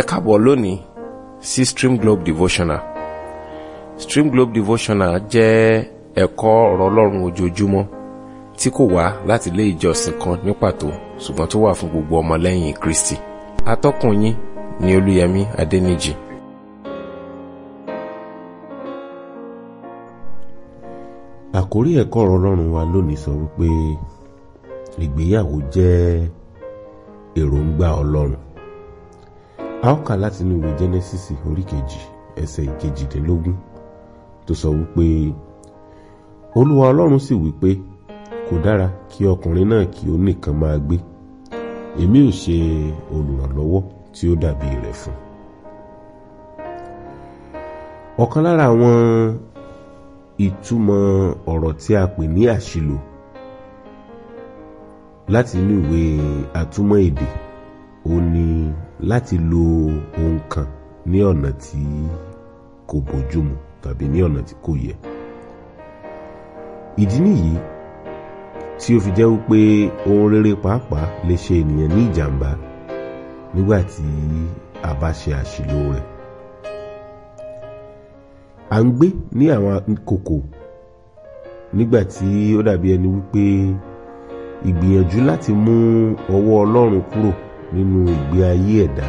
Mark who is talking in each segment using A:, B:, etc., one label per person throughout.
A: ẹ káàbọ̀ lónìí sí Stream Globe Devotional Stream Globe Devotional jẹ́ ẹ̀kọ́ ọ̀rọ̀ ọlọ́run ojoojúmọ́ tí kò wá láti ilé ìjọsìn kan ní pàtó ṣùgbọ́n tó wà fún gbogbo ọmọlẹ́yìn Kristi atọ́kùn yín ni Olúyẹmí Adẹ́nìjì.
B: àkórí ẹ̀kọ́ ọ̀rọ̀ ọlọ́run wa lónìí sọ wípé ìgbéyàwó jẹ́ èròǹgbà ọlọ́run a ó kà láti inú ìwé jẹ́nẹ́sísì orí kejì ẹsẹ̀ ìkejìdínlógún tó sọ wípé olúwa ọlọ́run sì wípé kò dára kí ọkùnrin náà kí ó nìkan máa gbé èmi ò ṣe olùrànlọ́wọ́ tí ó dàbí rẹ̀ fún ọ̀kan lára àwọn ìtumọ̀ ọ̀rọ̀ tí a pè ní àṣìlò láti inú ìwé àtúmọ̀ èdè ó ní láti lo ohun kan ní ọ̀nà tí kò bójúmu tàbí ní ọ̀nà tí kò yẹ ìdí nìyí tí ó fi jẹ́ wípé ohun rere pàápàá lè ṣe ènìyàn ní ìjàmbá nígbà tí a bá ṣe àṣìlò rẹ̀ à ń gbé ní àwọn àkókò nígbà tí ó dàbí ẹni wípé ìgbìyànjú láti mú ọwọ́ Ọlọ́run kúrò nínú ìgbé ayé ẹ̀dá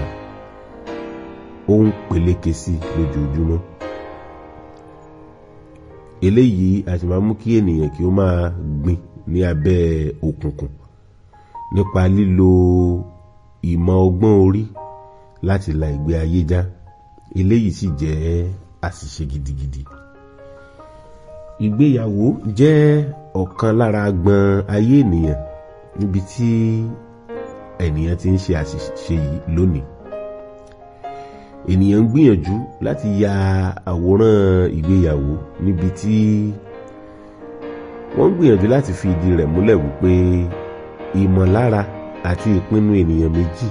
B: ó ń peléke sí lójoojúmọ́ eléyìí a sì máa mú kí ènìyàn kí ó máa gbìn ní abẹ́ òkùnkùn nípa lílo ìmọ̀ ọgbọ́n orí láti la ìgbé ayé já eléyìí sì jẹ́ àṣìṣe gidigidi ìgbéyàwó jẹ́ ọ̀kan lára agbọn ayé ènìyàn níbi tí ènìyàn ti ń ṣe àṣìṣe yìí lónìí ènìyàn ń gbìyànjú láti ya àwòrán ìgbéyàwó níbi tí wọ́n ń gbìyànjú láti fi ìdí rẹ̀ múlẹ̀ wípé ìmọ̀lára àti ìpinnu ènìyàn méjì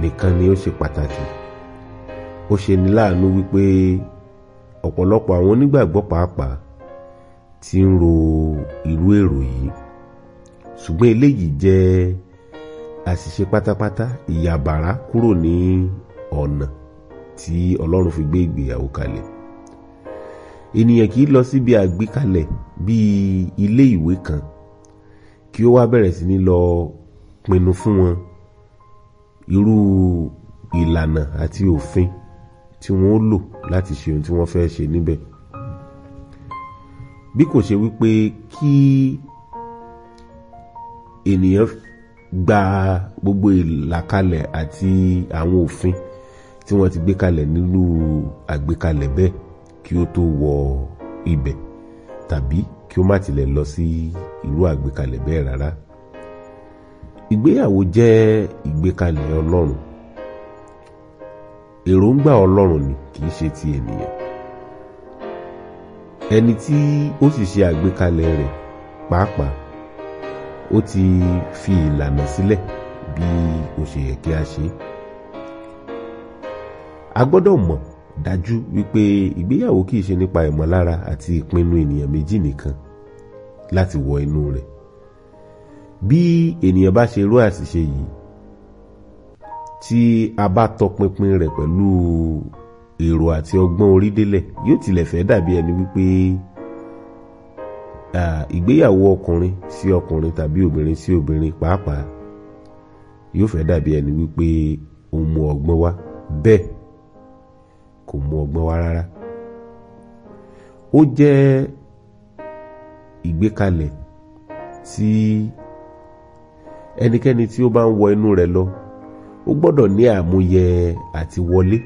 B: nìkan ni ó ṣe pàtàkì ó ṣe ní láàánú wípé ọ̀pọ̀lọpọ̀ àwọn onígbàgbọ́ pàápàá ti ń ro irú èrò yìí ṣùgbọ́n eléyìí jẹ́ àṣìṣe pátápátá ìyàbàrá kúrò ní ọ̀nà tí ọlọ́run fi gbé ìgbéyàwó kalẹ̀ ènìyàn kì í lọ síbi àgbékalẹ̀ bíi ilé ìwé kan kí ó wá bẹ̀rẹ̀ sí ní lọ pinnu fún wọn irú ìlànà àti òfin tí wọ́n ó lò láti ṣe ohun tí wọ́n fẹ́ ṣe níbẹ̀ bí kò ṣe wípé kí ènìyàn gba gbogbo ìlàkalẹ̀ àti àwọn òfin tí wọ́n ti gbé kalẹ̀ nínú àgbékalẹ̀ bẹ́ẹ̀ kí ó tó wọ ibẹ̀ tàbí kí ó má tilẹ̀ lọ sí irú àgbékalẹ̀ bẹ́ẹ̀ rárá. ìgbéyàwó jẹ́ ìgbékalẹ̀ ọlọ́run èròǹgbà ọlọ́run ni kì í ṣe ti ènìyàn ẹni tí ó sì ṣe àgbékalẹ̀ rẹ̀ pàápàá ó ti fi ìlànà sílẹ̀ bí ó ṣe yẹ kí a ṣe. a gbọ́dọ̀ mọ̀ dájú wípé ìgbéyàwó kìí ṣe nípa ìmọ̀lára àti ìpinnu ènìyàn méjì nìkan láti wọ inú rẹ̀ bí ènìyàn bá ṣe rú àṣìṣe yìí tí a bá tọpinpin rẹ̀ pẹ̀lú èrò àti ọgbọ́n orí yóò tilẹ̀ fẹ́ dàbí ẹni wípé ìgbéyàwó ọkùnrin sí ọkùnrin tàbí obìnrin sí obìnrin pàápàá yóò fẹ́ dàbí ẹni wípé ó mú ọgbọ́n wá bẹ́ẹ̀ kò mú ọgbọ́n wá rárá ó jẹ́ ìgbékalẹ̀ tí ẹnikẹ́ni tí ó bá ń wọ inú rẹ̀ lọ ó gbọ́dọ̀ ní àmúyẹ àti wọlé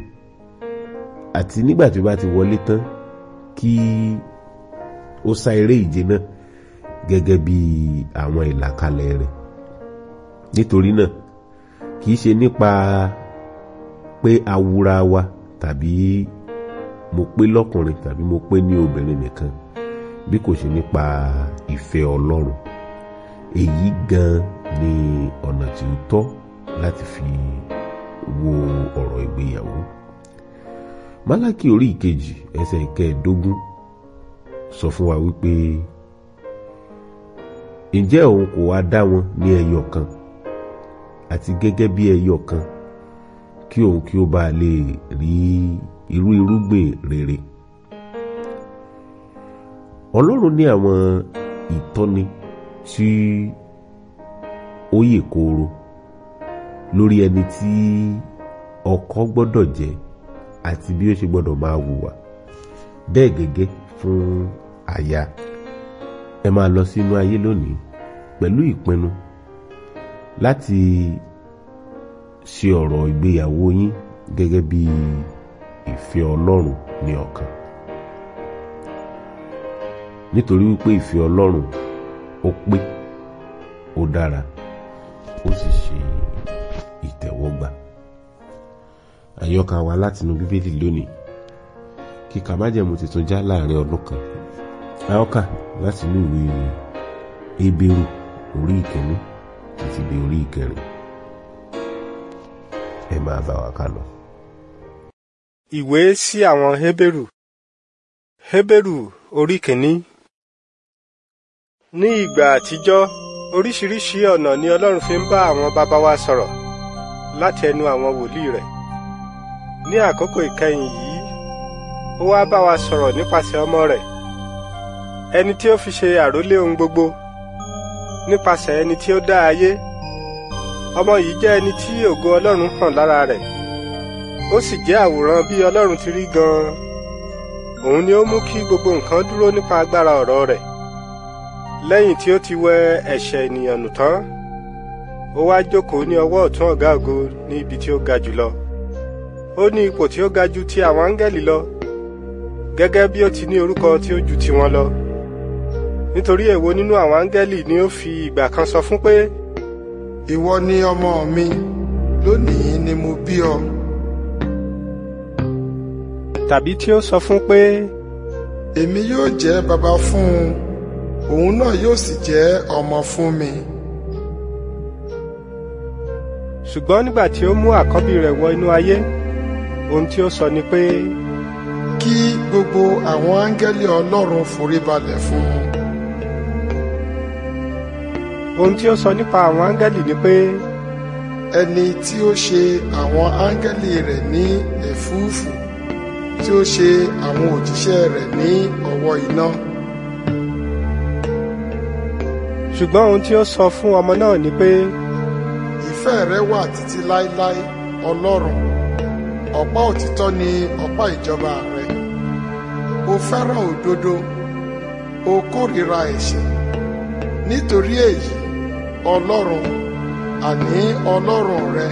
B: àti nígbà tí ó bá ti wọlé tán kí ó sá eré ìje náà gẹ́gẹ́ bí àwọn ìlàkalẹ̀ rẹ̀ nítorí náà kìí ṣe nípa pé awura wa tàbí mo pé lọ́kùnrin tàbí mo pé ní obìnrin nìkan bí kò ṣe nípa ìfẹ́ Ọlọ́run èyí gan ni ọ̀nà tí ó tọ́ láti fi wo ọ̀rọ̀ ìgbéyàwó Málákì orí ìkejì ẹsẹ̀ ìkẹẹ̀ẹ́dógún sọ fún wa wípé ǹjẹ́ òun kò wá dá wọn ní ẹyọ kan àti gẹ́gẹ́ bí ẹyọ kan kí òun kí ó bá lè rí irú irúgbìn rere ọlọ́run ní àwọn ìtọ́ni tí ó yè kooro lórí ẹni tí ọkọ gbọ́dọ̀ jẹ́ àti bí ó ṣe gbọ́dọ̀ máa hùwà bẹ́ẹ̀ gẹ́gẹ́ fún àyà ẹ máa lọ sínú ayé lónìí pẹ̀lú ìpinnu láti ṣe ọ̀rọ̀ ìgbéyàwó yín gẹ́gẹ́ bí ìfẹ́ Ọlọ́run ní ọkàn nítorí wípé ìfẹ́ Ọlọ́run ó pé ó dára ó sì ṣe ìtẹ̀wọ́gbà àyọkà wa látinú Bíbélì lónìí kíkà májẹ̀mú tuntun já láàrin ọdún kan aọ́kà láti inú ìwé ebéèrú orí ìkíní àti ibi orí ìkẹrin ẹ máa bá wa
C: ká lọ. ìwé sí àwọn hébérù hébérù orí kìíní. ní ìgbà àtijọ́ oríṣiríṣi ọ̀nà ni ọlọ́run fi ń bá àwọn bàbá wa sọ̀rọ̀ láti ẹnu àwọn wòlíì rẹ̀ ní àkókò ìkẹyìn yìí ó wá bá wa sọ̀rọ̀ nípasẹ̀ ọmọ rẹ̀ ẹni tí ó fi ṣe àrólé ohun gbogbo nípasẹ̀ ẹni tí ó dá ayé ọmọ yìí jẹ́ ẹni tí ògo ọlọ́run hàn lára rẹ̀ ó sì jẹ́ àwòrán bí ọlọ́run ti rí gan òun ni ó mú kí gbogbo nǹkan dúró nípa agbára ọ̀rọ̀ rẹ̀ lẹ́yìn tí ó ti wẹ ẹ̀ṣẹ̀ ènìyàn nù tán ó wá jókòó ní ọwọ́ ọ̀tún ọ̀gá ògo ní ibi tí ó ga jùlọ ó ní ipò tí ó ga ju ti àwọn áńgẹ́lì lọ gẹ́gẹ́ bí ó ti ní orúkọ tí ó ju tiwọn lọ nítorí èwo nínú àwọn áńgẹ́lì ni ó fi ìgbà kan sọ fún pé. ìwọ ni ọmọ mi lónìí ni mo bí ọ. tàbí tí ó sọ fún pé.
D: èmi yóò jẹ́ baba fún un òun náà yóò sì jẹ́ ọmọ fún mi.
C: ṣùgbọ́n nígbà tí ó mú àkọ́bí rẹ̀ wọ inú ayé ohun tí ó sọ ni pé. Pe kí gbogbo àwọn áńgẹ́lì
D: ọlọ́run foríbalẹ̀ fún un. ohun tí ó sọ nípa àwọn áńgẹ́lì ni pé. ẹni tí ó ṣe àwọn áńgẹ́lì rẹ̀ ní ẹ̀fúùfù tí ó ṣe àwọn òjíṣẹ́ rẹ̀ ní ọ̀wọ́ iná.
C: ṣùgbọ́n ohun tí ó sọ fún ọmọ náà ni pé.
D: ìfẹ́ rẹ wà títí láéláé ọlọ́run ọ̀pá òtítọ́ ni ọ̀pá ìjọba rẹ fẹ́ràn òdodo o kórìíra ẹ̀ṣẹ̀ nítorí èyí ọlọ́run àní ọlọ́run rẹ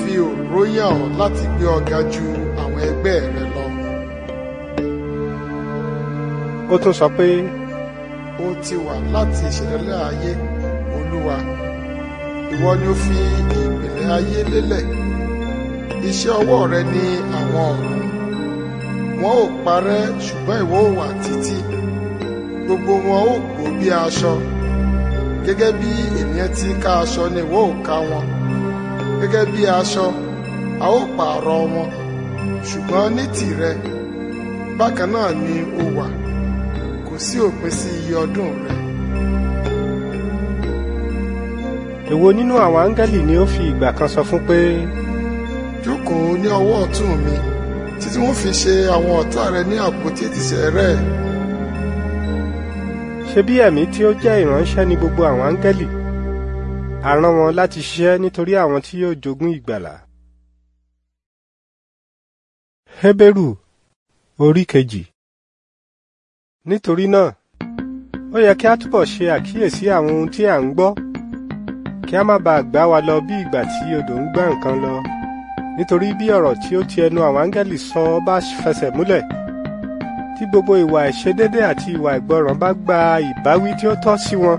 D: fi òró yàn ọ́ láti gbé ọ ga ju àwọn ẹgbẹ́ rẹ lọ. ó tún sọ pé. ó ti wà láti ìṣẹ̀lẹ̀ ayé olúwa ìwọ ni ó fi ìpìlẹ̀ ayé lélẹ̀ iṣẹ́ ọwọ́ rẹ ní àwọn ọ̀run wọn ò parẹ́ ṣùgbọ́n ìwọ́ ò wà títí gbogbo wọn ò gbó bí aṣọ gẹ́gẹ́ bí ènìyàn ti ká aṣọ ni ìwọ ò ká wọn gẹ́gẹ́ bí aṣọ a ó pààrọ̀ wọn ṣùgbọ́n ní tìrẹ bákan náà ni o wà
C: kò sí òpin sí iye ọdún rẹ. èwo nínú àwọn áńgẹ́lì ni ó fi ìgbà kan sọ fún pé. jókòó ní
D: ọwọ́ ọ̀tún mi. tí wọ́n fi ṣe àwọn ọ̀tá rẹ ní àpótí
C: ìtìsẹ̀ rẹ. ṣé bí ẹ̀mí tí ó jẹ́ ìránṣẹ́ ní gbogbo àwọn áńgẹ́lì a rán wọn láti ṣiṣẹ́ nítorí àwọn tí yóò jogún ìgbàlà. Hébérù orí kejì nítorí náà ó yẹ kí a túbọ̀ ṣe àkíyèsí àwọn ohun tí à ń gbọ́ kí a má baà gbá wa lọ bí ìgbà tí odò ń gbá nǹkan lọ nítorí bí ọ̀rọ̀ tí ó ti ẹnu àwọn áńgẹ́lì sọ bá fẹsẹ̀ múlẹ̀ tí gbogbo ìwà ìṣedédé àti ìwà ìgbọràn bá gba ìbáwí tí ó tọ́ sí wọn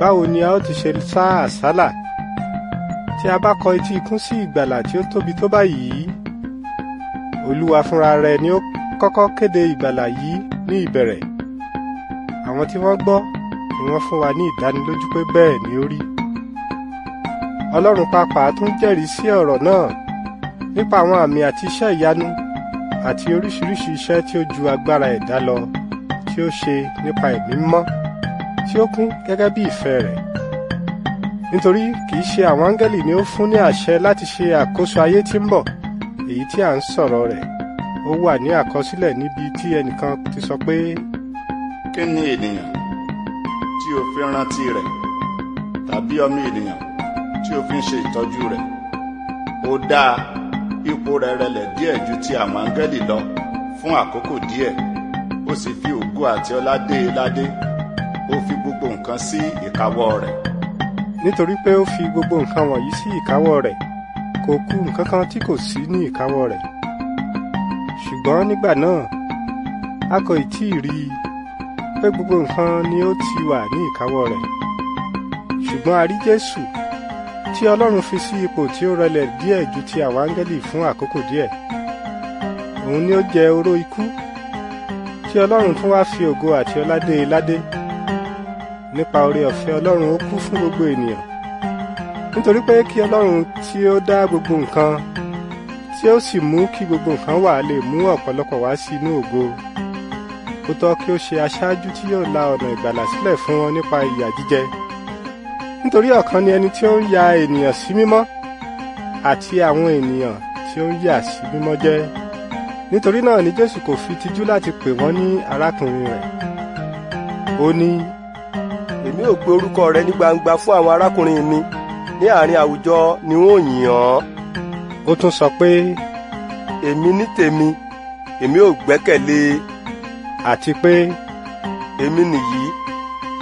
C: báwo ni a ó ti ṣe sá àsálà tí a bá kọ etí ikún sí ìgbàlà tí ó tóbi tó báyìí olúwa fúnra rẹ̀ ni ó kọ́kọ́ kéde ìgbàlà yìí ní ìbẹ̀rẹ̀ àwọn tí wọ́n gbọ́ ni wọ́n fún wa ní ìdánilójú pé bẹ́ẹ̀ ni ó rí ọlọ́run pàápàá tún jẹ́rìí sí ọ̀rọ̀ náà nípa àwọn àmì àti iṣẹ́ ìyanu àti oríṣiríṣi iṣẹ́ tí ó ju agbára ẹ̀dá lọ tí ó ṣe nípa ẹ̀mí mọ́ tí ó kún gẹ́gẹ́ bí ìfẹ́ rẹ̀ nítorí kìí ṣe àwọn áńgẹ́lì ni ó fún ní àṣẹ láti ṣe àkóso ayé tí ń bọ̀ èyí tí à ń sọ̀rọ̀ rẹ̀ ó wà ní àkọsílẹ̀ níbi tí ẹnìkan ti sọ pé.
E: kí ni ènìyàn tí o fi rántí rẹ̀ tàbí ọmọ ènìyàn tí o fi ń ṣe ìtọ́jú rẹ̀ ó dáa ipò rẹ̀ rẹlẹ̀ díẹ̀ ju ti àwọn áńgẹ́lì lọ fún àkókò díẹ̀ ó sì fi ògo àti ọlá dé e ládé ó fi gbogbo nǹkan sí ìkáwọ́
C: rẹ̀. nítorí pé ó fi gbogbo nǹkan wọ̀nyí sí ìkáwọ́ rẹ̀ kò kù nǹkan kan tí kò sí ní ìkáwọ́ rẹ̀ ṣùgbọ́n nígbà náà a kò tí ì rí i pé gbogbo nǹkan ni ó ti wà ní ìkáwọ́ rẹ̀ ṣùgbọ́n a rí Jésù tí Ọlọ́run fi sí ipò tí ó rẹlẹ̀ díẹ̀ ju ti àwọn áńgẹ́lì fún àkókò díẹ̀ òun ni ó jẹ oró ikú tí Ọlọ́run tún wá fi ògo àti ọládé e ládé nípa oore ọ̀fẹ́ Ọlọ́run ó kú fún gbogbo ènìyàn nítorí pé kí Ọlọ́run tí ó dá gbogbo nǹkan tí ó sì mú kí gbogbo nǹkan wà lè mú ọ̀pọ̀lọpọ̀ wá sí inú ògo ó tọ́ kí ó ṣe aṣáájú tí yóò la ọ̀nà ìgbàlà sílẹ̀ fún wọn nípa ìyà jíjẹ nítorí ọ̀kan ni ẹni tí ó ń ya ènìyàn sí mímọ́ àti àwọn ènìyàn tí ó ń yà sí mímọ́ jẹ́ nítorí náà ni Jésù kò fi tijú láti pè wọ́n ní arákùnrin rẹ̀ ó ní. èmi ò pe orúkọ rẹ ní gbangba fún àwọn arákùnrin mi ní àárín àwùjọ ni wọn ò yìn án. ó tún sọ pé. èmi ní tèmi èmi ò gbẹ́kẹ̀lé. E. àti pé. èmi nìyí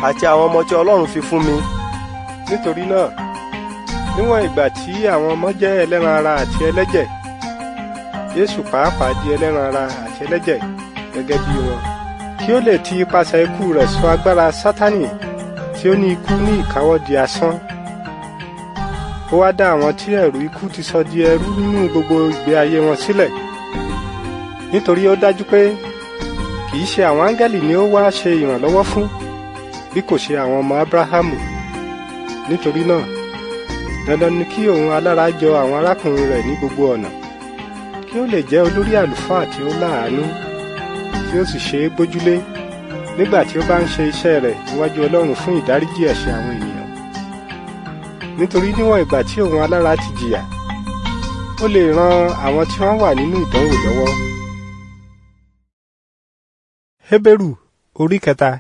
C: àti àwọn ọmọ tí Ọlọ́run fi fún mi nítorí náà níwọ̀n ìgbà tí àwọn ọmọ jẹ́ ẹlẹ́ran ara àti ẹlẹ́jẹ̀ Jésù pàápàá di ẹlẹ́ran ara àti ẹlẹ́jẹ̀ gẹ́gẹ́ bí wọn kí ó lè ti ipasẹ̀ ikú rẹ̀ sọ agbára Sátánì tí ó ní ikú ní ìkáwọ́ di asán ó wá dá àwọn tí ẹ̀rù ikú ti sọ di ẹrú nínú gbogbo ìgbé ayé wọn sílẹ̀ nítorí ó dájú pé kì í ṣe àwọn áńgẹ́lì ni ó wá ṣe ìrànlọ́wọ́ fún bí kò ṣe àwọn ọmọ Ábúráhámù nítorí náà dandan ni kí òun alára jọ àwọn arákùnrin rẹ̀ ní gbogbo ọ̀nà kí ó lè jẹ́ olórí àlùfáà tí ó láàánú tí ó sì ṣe é bójúlé nígbà tí ó bá ń ṣe iṣẹ́ rẹ̀ níwájú Ọlọ́run fún ìdáríjì ẹ̀ṣẹ̀ àwọn ènìyàn nítorí níwọ̀n ìgbà tí òun alára ti jìyà ó lè ran àwọn tí wọ́n wà nínú ìdánwò lọ́wọ́. Hébérù orí kẹta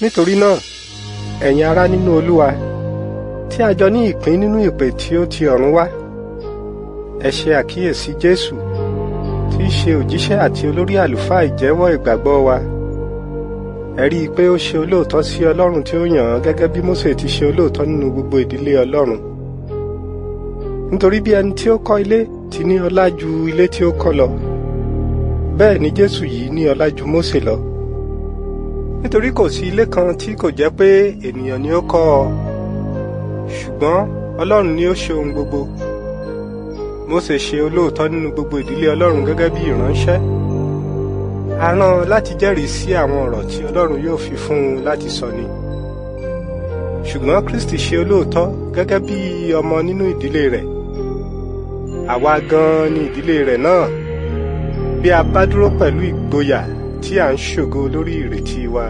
C: nítorí náà ẹ̀yin ará nínú olúwa tí a jọ ní ìpín nínú ìpè tí ó ti ọ̀run wá ẹ ṣe àkíyèsí jésù tí í ṣe òjíṣẹ́ àti olórí àlùfáà ìjẹ́wọ́ ìgbàgbọ́ wa ẹ rí i pé ó ṣe olóòótọ́ sí ọlọ́run tí ó yàn án gẹ́gẹ́ bí mósè ti ṣe olóòótọ́ nínú gbogbo ìdílé ọlọ́run nítorí bí ẹni tí ó kọ́ ilé ti ní ọlá ju ilé tí ó kọ́ lọ bẹ́ẹ̀ ni jésù yìí ní ọlá ju mósè lọ nítorí kò sí ilé kan tí kò jẹ́ pé ènìyàn ni ó kọ́ ọ ṣùgbọ́n ọlọ́run ni ó ṣe ohun gbogbo Mósè ṣe olóòótọ́ nínú gbogbo ìdílé ọlọ́run gẹ́gẹ́ bí ìránṣẹ́ a láti jẹ́rìí sí àwọn ọ̀rọ̀ tí ọlọ́run yóò fi fún un láti sọ ni ṣùgbọ́n Kristi ṣe olóòótọ́ gẹ́gẹ́ bí ọmọ nínú ìdílé rẹ̀ àwa gan-an ni ìdílé rẹ̀ náà bí a bá dúró pẹ̀lú ìgboyà tí à ń ṣògo lórí ìrètí wa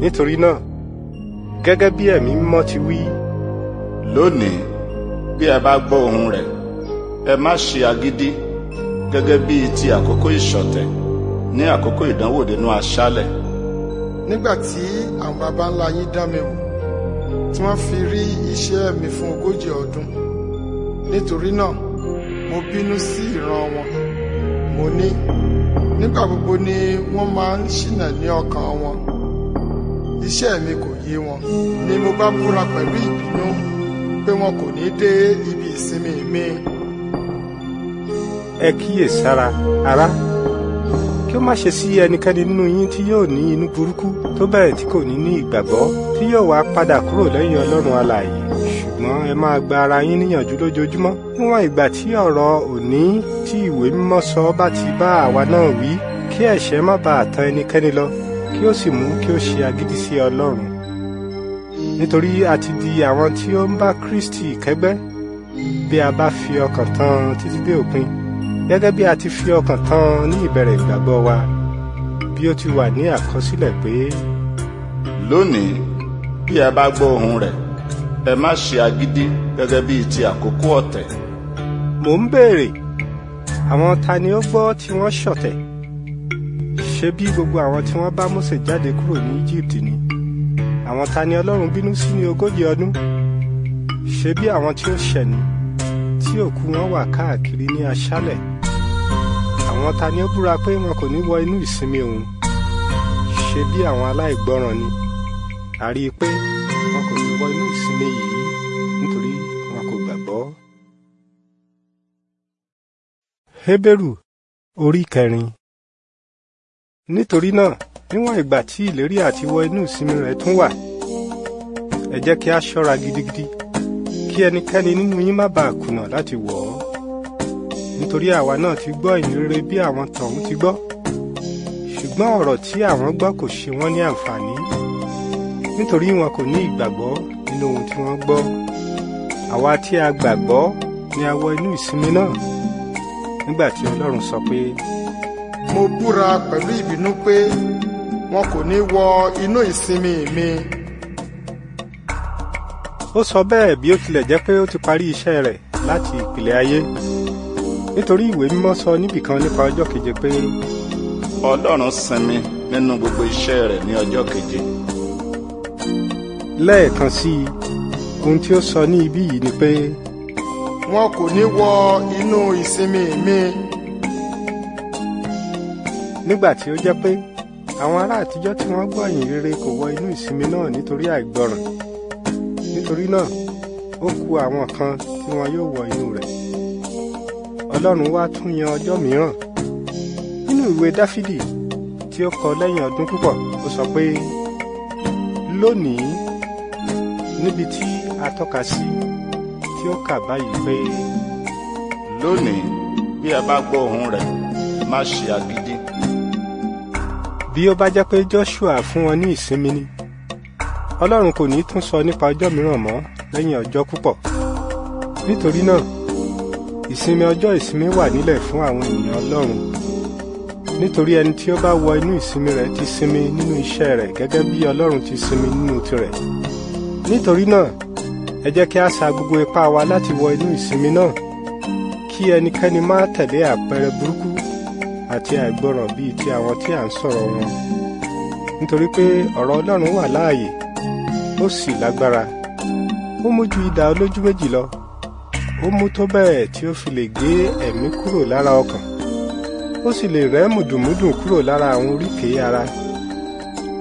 C: nítorí náà gẹ́gẹ́ bí ẹ̀mí mímọ́ ti wí. lónìí bí ẹ bá gbọ́ ohùn
E: rẹ̀ ẹ má ṣe agídí gẹ́gẹ́ bí ti àkókò ìṣọ̀tẹ̀ ní àkókò ìdánwò nínú aṣálẹ̀.
D: nígbà tí àwọn baba ńlá yín dá mi wò tí wọ́n fi rí iṣẹ́ mi fún ogójì ọdún nítorí náà mo bínú sí ìran wọn mo ní nígbà gbogbo ni wọ́n máa ń ṣìnà ní ọkàn wọn iṣẹ́ mi kò yé wọn ni mo bá búra pẹ̀lú ìbínú pé wọn kò ní dé ibi ìsinmi
C: mi. ẹ kíyèsára ará kí ó má ṣe sí ẹnikẹ́ni nínú yín tí yóò ní inú burúkú tó bẹ́ẹ̀ tí kò ní ní ìgbàgbọ́ tí yóò wá padà kúrò lẹ́yìn ọlọ́run alààyè ṣùgbọ́n ẹ máa gba ara yín níyànjú lójoojúmọ́ níwọ̀n ìgbà tí ọ̀rọ̀ òní tí ìwé mímọ́ sọ bá ti bá àwa náà wí kí ẹ̀ṣẹ̀ má bàa tan ẹnikẹ́ni lọ kí ó sì mú kí ó ṣe agídí sí Ọlọ́run nítorí a ti di àwọn tí ó ń bá Kristi kẹ́gbẹ́ bí a bá fi ọkàn tán títí dé òpin gẹ́gẹ́ bí a ti fi ọkàn tán ní ìbẹ̀rẹ̀ ìgbàgbọ́ wa bí ó ti wà ní àkọsílẹ̀ pé. lónìí
E: bí a bá gbọ́ ohùn rẹ̀ ẹ má ṣe agídí gẹ́gẹ́ bíi ti
C: àkókò ọ̀tẹ̀. mò ń béèrè àwọn ta ni ó gbọ́ tí wọ́n ṣọ̀tẹ̀ ṣé bí gbogbo àwọn tí wọ́n bá Mósè jáde kúrò ní Egypt ni àwọn ta ni Ọlọ́run bínú sí ní ogójì ọdún ṣé bí àwọn tí ó ṣẹ̀ tí òkú wọn wà káàkiri ní aṣálẹ̀ àwọn ta ni ó búra pé wọn kò ní wọ inú ìsinmi òun ṣé bí àwọn aláìgbọràn ni a pé wọn kò lè wọ inú ìsinmi yìí nítorí wọn kò gbàgbọ́. Hébérù orí kẹrin nítorí náà níwọ̀n ìgbà tí ìlérí àti wọ inú ìsinmi rẹ̀ tún wà ẹ jẹ́ kí a ṣọ́ra gidigidi kí ẹnikẹ́ni nínú yín má bàa kùnà láti wọ̀ ọ́ nítorí àwa náà ti gbọ́ ìyìnrere bí àwọn tọ̀hún ti gbọ́ ṣùgbọ́n ọ̀rọ̀ tí àwọn gbọ́ kò ṣe wọ́n ní àǹfààní nítorí wọn kò ní ìgbàgbọ́ nínú ohun tí wọ́n gbọ́ àwa tí a gbàgbọ́ ni a wọ inú ìsinmi náà nígbà tí Ọlọ́run sọ pé. mo búra
D: pẹ̀lú ìbínú pé wọn kò ní wọ inú ìsinmi mi.
C: ó sọ bẹ́ẹ̀ bí ó tilẹ̀ jẹ́ pé ó ti parí iṣẹ́ rẹ̀ láti ìpìlẹ̀ ayé nítorí ìwé mímọ́ sọ níbìkan nípa ọjọ́ keje pé.
E: Ọlọ́run sinmi nínú gbogbo iṣẹ́ rẹ̀ ní ọjọ́ keje
C: lẹ́ẹ̀kan sí i ohun tí ó sọ ní ibí yìí ni pé. wọn kò ní wọ inú ìsinmi mi. nígbà tí ó jẹ́ pé àwọn ará àtijọ́ tí wọ́n gbọ́ ìyìn rere kò wọ inú ìsinmi náà nítorí àìgbọràn nítorí náà ó kù àwọn kan tí wọn yóò wọ inú rẹ̀ ọlọ́run wá tún yan ọjọ́ mìíràn nínú ìwé dáfídì tí ó kọ lẹ́yìn ọdún púpọ̀ ó sọ pé lónìí níbi tí a tọ́ka sí tí ó kà báyìí pé.
E: lónìí bí a bá gbọ́ ohùn rẹ̀ má ṣe agídí.
C: bí ó bá jẹ́ pé Joshua fún wọn ní ìsinmi ni Ọlọ́run kò ní tún sọ nípa ọjọ́ mìíràn mọ́ lẹ́yìn ọjọ́ púpọ̀ nítorí náà ìsinmi ọjọ́ ìsinmi wà nílẹ̀ fún àwọn ènìyàn Ọlọ́run nítorí ẹni tí ó bá wọ inú ìsinmi rẹ̀ ti sinmi nínú iṣẹ́ rẹ̀ gẹ́gẹ́ bí Ọlọ́run ti sinmi nínú tirẹ̀ nítorí náà ẹ jẹ́ kí a sa gbogbo ipá wa láti wọ inú ìsinmi náà kí ẹnikẹ́ni má tẹ̀lé àpẹẹrẹ burúkú àti àìgbọràn bíi ti àwọn tí à ń sọ̀rọ̀ wọn nítorí pé ọ̀rọ̀ Ọlọ́run wà láàyè ó sì lágbára ó mú ju idà olójú méjì lọ ó mú tó bẹ́ẹ̀ tí ó fi lè gé ẹ̀mí kúrò lára ọkàn ó sì lè rẹ́ mùdùnmúdùn kúrò lára àwọn oríkèé ara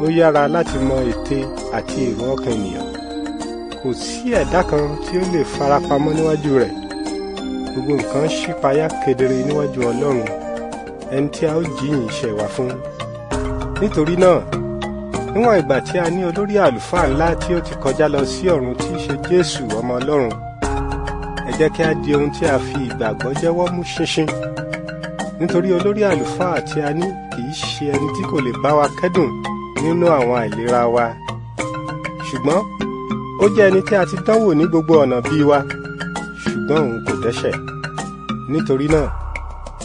C: ó yára láti mọ ète àti èrò ọkàn ènìyàn kò sí ẹ̀dá kan tí ó lè farapamọ́ níwájú rẹ̀ gbogbo nǹkan ṣípayá kedere níwájú ọlọ́run ẹni tí a ó jíyìn iṣẹ́ wa fún nítorí náà níwọ̀n ìgbà tí a ní olórí àlùfáà ńlá tí ó ti kọjá lọ sí ọ̀run tí í ṣe jésù ọmọ ọlọ́run ẹ jẹ́ kí a di ohun tí a fi ìgbàgbọ́ jẹ́wọ́ mú ṣinṣin nítorí olórí àlùfáà tí a ní kì í ṣe ẹni tí kò lè bá wa kẹ́dùn nínú àwọn àìlera wa ṣùgbọ́n ó jẹ́ ẹni tí a ti dánwò ní gbogbo ọ̀nà bíi wa ṣùgbọ́n òun kò dẹ́ṣẹ̀ nítorí náà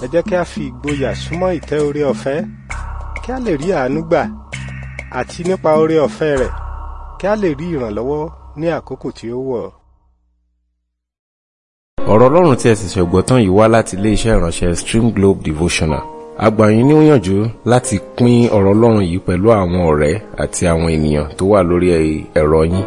C: ẹ jẹ́ kí a fi ìgboyà súnmọ́ ìtẹ́ oore ọ̀fẹ́ kí a lè rí àánú gbà àti nípa oore ọ̀fẹ́ rẹ̀ kí a lè rí ìrànlọ́wọ́ ní àkókò tí ó wọ̀.
A: ọ̀rọ̀ ọlọ́run tí ẹ sì ṣẹ̀gbọ́n tán yìí wá láti iléeṣẹ́ ìránṣẹ́ Stream Globe Devotional a gbà yín ní òyànjú láti pín ọ̀rọ̀ ọlọ́run yìí pẹ̀lú àwọn ọ̀rẹ́ àti àwọn ènìyàn tó wà lórí ẹ̀rọ yín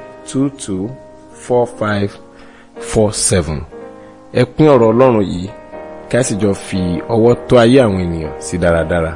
A: 22 45 47. ẹ pín ọ̀rọ̀ ọlọ́run yìí kí a sì jọ fi ọwọ́ tó ayé àwọn ènìyàn sí dáradára.